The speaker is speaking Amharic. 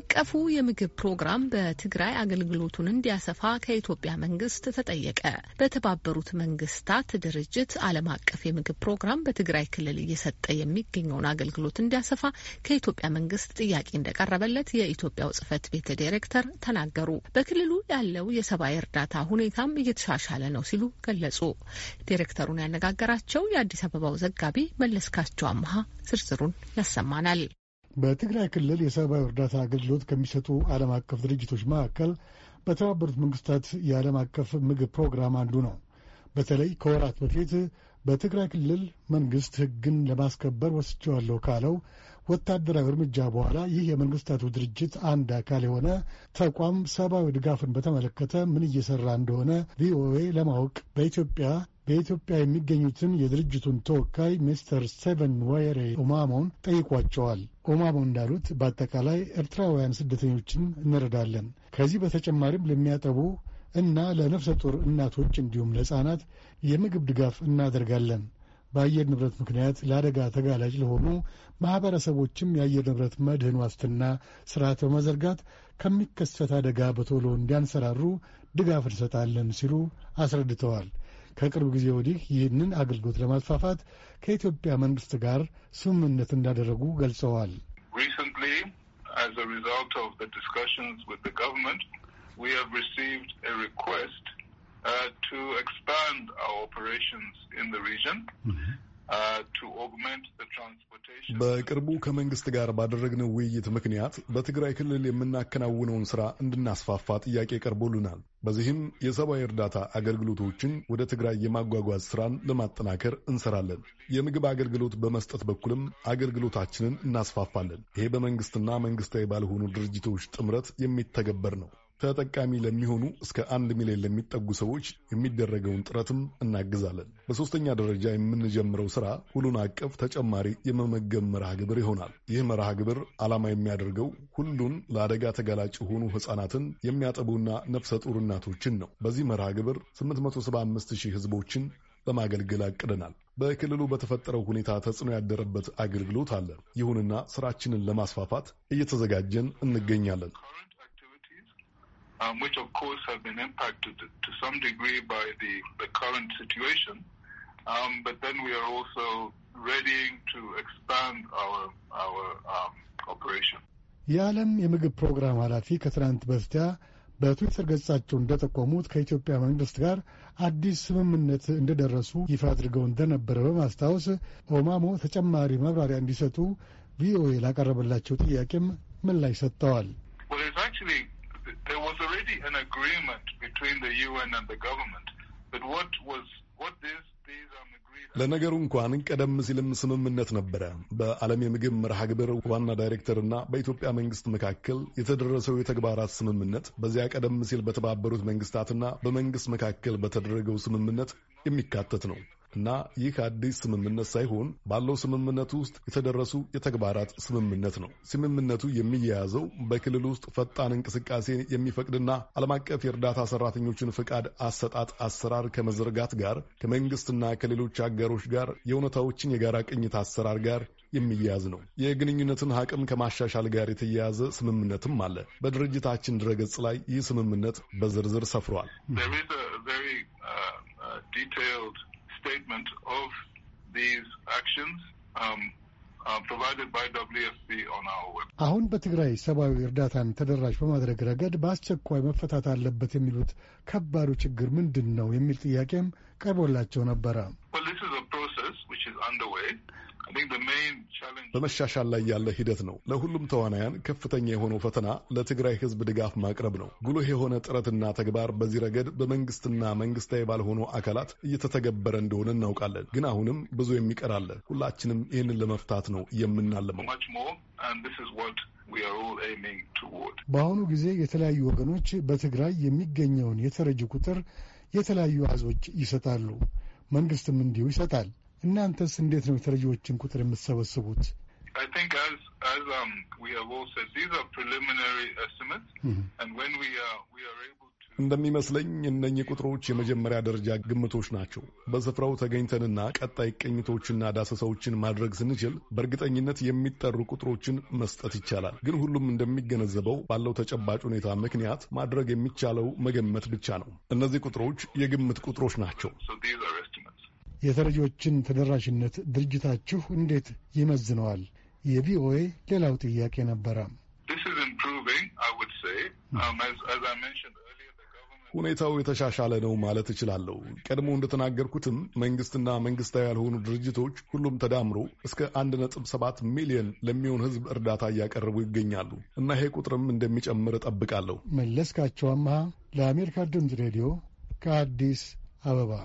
አቀፉ የምግብ ፕሮግራም በትግራይ አገልግሎቱን እንዲያሰፋ ከኢትዮጵያ መንግስት ተጠየቀ። በተባበሩት መንግስታት ድርጅት ዓለም አቀፍ የምግብ ፕሮግራም በትግራይ ክልል እየሰጠ የሚገኘውን አገልግሎት እንዲያሰፋ ከኢትዮጵያ መንግስት ጥያቄ እንደቀረበለት የኢትዮጵያው ጽህፈት ቤት ዲሬክተር ተናገሩ። በክልሉ ያለው የሰብአዊ እርዳታ ሁኔታም እየተሻሻለ ነው ሲሉ ገለጹ። ዲሬክተሩን ያነጋገራቸው የአዲስ አበባው ዘጋቢ መለስካቸው አመሃ ዝርዝሩን ያሰማናል። በትግራይ ክልል የሰብአዊ እርዳታ አገልግሎት ከሚሰጡ ዓለም አቀፍ ድርጅቶች መካከል በተባበሩት መንግስታት የዓለም አቀፍ ምግብ ፕሮግራም አንዱ ነው። በተለይ ከወራት በፊት በትግራይ ክልል መንግስት ሕግን ለማስከበር ወስጀዋለሁ ካለው ወታደራዊ እርምጃ በኋላ ይህ የመንግስታቱ ድርጅት አንድ አካል የሆነ ተቋም ሰብአዊ ድጋፍን በተመለከተ ምን እየሰራ እንደሆነ ቪኦኤ ለማወቅ በኢትዮጵያ በኢትዮጵያ የሚገኙትን የድርጅቱን ተወካይ ሚስተር ስቴቨን ዋየሬ ኦማሞን ጠይቋቸዋል። ኦማሞ እንዳሉት በአጠቃላይ ኤርትራውያን ስደተኞችን እንረዳለን። ከዚህ በተጨማሪም ለሚያጠቡ እና ለነፍሰ ጡር እናቶች እንዲሁም ለሕፃናት የምግብ ድጋፍ እናደርጋለን። በአየር ንብረት ምክንያት ለአደጋ ተጋላጭ ለሆኑ ማኅበረሰቦችም የአየር ንብረት መድህን ዋስትና ስርዓት በመዘርጋት ከሚከሰት አደጋ በቶሎ እንዲያንሰራሩ ድጋፍ እንሰጣለን ሲሉ አስረድተዋል። ከቅርብ ጊዜ ወዲህ ይህንን አገልግሎት ለማስፋፋት ከኢትዮጵያ መንግስት ጋር ስምምነት እንዳደረጉ ገልጸዋል። ሪሰንትሊ በቅርቡ ከመንግስት ጋር ባደረግነው ውይይት ምክንያት በትግራይ ክልል የምናከናውነውን ስራ እንድናስፋፋ ጥያቄ ቀርቦልናል። በዚህም የሰብአዊ እርዳታ አገልግሎቶችን ወደ ትግራይ የማጓጓዝ ስራን ለማጠናከር እንሰራለን። የምግብ አገልግሎት በመስጠት በኩልም አገልግሎታችንን እናስፋፋለን። ይሄ በመንግስትና መንግስታዊ ባልሆኑ ድርጅቶች ጥምረት የሚተገበር ነው። ተጠቃሚ ለሚሆኑ እስከ አንድ ሚሊዮን ለሚጠጉ ሰዎች የሚደረገውን ጥረትም እናግዛለን። በሶስተኛ ደረጃ የምንጀምረው ስራ ሁሉን አቀፍ ተጨማሪ የመመገብ መርሃ ግብር ይሆናል። ይህ መርሃ ግብር ዓላማ የሚያደርገው ሁሉን ለአደጋ ተጋላጭ የሆኑ ሕፃናትን የሚያጠቡና ነፍሰ ጡር እናቶችን ነው። በዚህ መርሃ ግብር 875 ሺህ ሕዝቦችን ለማገልገል አቅደናል። በክልሉ በተፈጠረው ሁኔታ ተጽዕኖ ያደረበት አገልግሎት አለ። ይሁንና ስራችንን ለማስፋፋት እየተዘጋጀን እንገኛለን። um, which of course have been impacted to some degree by the, the current situation. Um, but then we are also readying to expand our, our um, operation. የዓለም የምግብ ፕሮግራም ኃላፊ ከትናንት በስቲያ በትዊተር ገጻቸው እንደጠቆሙት ከኢትዮጵያ መንግስት ጋር አዲስ ስምምነት እንደደረሱ ይፋ አድርገው እንደነበረ በማስታወስ ኦማሞ ተጨማሪ ማብራሪያ እንዲሰጡ ቪኦኤ ላቀረበላቸው ጥያቄም ምላሽ ሰጥተዋል። Well, it's actually already an agreement between the UN and the government. But what was what this ለነገሩ እንኳን ቀደም ሲልም ስምምነት ነበረ። በዓለም የምግብ መርሃ ግብር ዋና ዳይሬክተርና በኢትዮጵያ መንግስት መካከል የተደረሰው የተግባራት ስምምነት በዚያ ቀደም ሲል በተባበሩት መንግስታትና በመንግስት መካከል በተደረገው ስምምነት የሚካተት ነው። እና ይህ አዲስ ስምምነት ሳይሆን ባለው ስምምነት ውስጥ የተደረሱ የተግባራት ስምምነት ነው። ስምምነቱ የሚያያዘው በክልል ውስጥ ፈጣን እንቅስቃሴ የሚፈቅድና ዓለም አቀፍ የእርዳታ ሰራተኞችን ፈቃድ አሰጣጥ አሰራር ከመዘርጋት ጋር ከመንግስትና ከሌሎች አጋሮች ጋር የእውነታዎችን የጋራ ቅኝት አሰራር ጋር የሚያያዝ ነው። የግንኙነትን አቅም ከማሻሻል ጋር የተያያዘ ስምምነትም አለ። በድርጅታችን ድረገጽ ላይ ይህ ስምምነት በዝርዝር ሰፍሯል። statement of these actions um, uh, አሁን በትግራይ ሰብአዊ እርዳታን ተደራሽ በማድረግ ረገድ በአስቸኳይ መፈታት አለበት የሚሉት ከባዱ ችግር ምንድን ነው የሚል ጥያቄም ቀርቦላቸው ነበረ። በመሻሻል ላይ ያለ ሂደት ነው። ለሁሉም ተዋናያን ከፍተኛ የሆነው ፈተና ለትግራይ ሕዝብ ድጋፍ ማቅረብ ነው። ጉልህ የሆነ ጥረትና ተግባር በዚህ ረገድ በመንግስትና መንግስታዊ ባልሆኑ አካላት እየተተገበረ እንደሆነ እናውቃለን። ግን አሁንም ብዙ የሚቀር አለ። ሁላችንም ይህንን ለመፍታት ነው የምናለመው። በአሁኑ ጊዜ የተለያዩ ወገኖች በትግራይ የሚገኘውን የተረጂ ቁጥር የተለያዩ አዞች ይሰጣሉ። መንግስትም እንዲሁ ይሰጣል። እናንተስ እንዴት ነው የተረጂዎችን ቁጥር የምትሰበስቡት? Um, mm-hmm. uh, እንደሚመስለኝ እነኚህ ቁጥሮች የመጀመሪያ ደረጃ ግምቶች ናቸው። በስፍራው ተገኝተንና ቀጣይ ቅኝቶችና ዳሰሳዎችን ማድረግ ስንችል በእርግጠኝነት የሚጠሩ ቁጥሮችን መስጠት ይቻላል። ግን ሁሉም እንደሚገነዘበው ባለው ተጨባጭ ሁኔታ ምክንያት ማድረግ የሚቻለው መገመት ብቻ ነው። እነዚህ ቁጥሮች የግምት ቁጥሮች ናቸው። የተረጂዎችን ተደራሽነት ድርጅታችሁ እንዴት ይመዝነዋል? የቪኦኤ ሌላው ጥያቄ ነበረ። um, ሁኔታው የተሻሻለ ነው ማለት እችላለሁ። ቀድሞ እንደተናገርኩትም መንግስትና መንግስታዊ ያልሆኑ ድርጅቶች ሁሉም ተዳምሮ እስከ 1.7 ሚሊዮን ለሚሆን ሕዝብ እርዳታ እያቀረቡ ይገኛሉ እና ይሄ ቁጥርም እንደሚጨምር እጠብቃለሁ። መለስካቸው አምሃ ለአሜሪካ ድምፅ ሬዲዮ ከአዲስ አበባ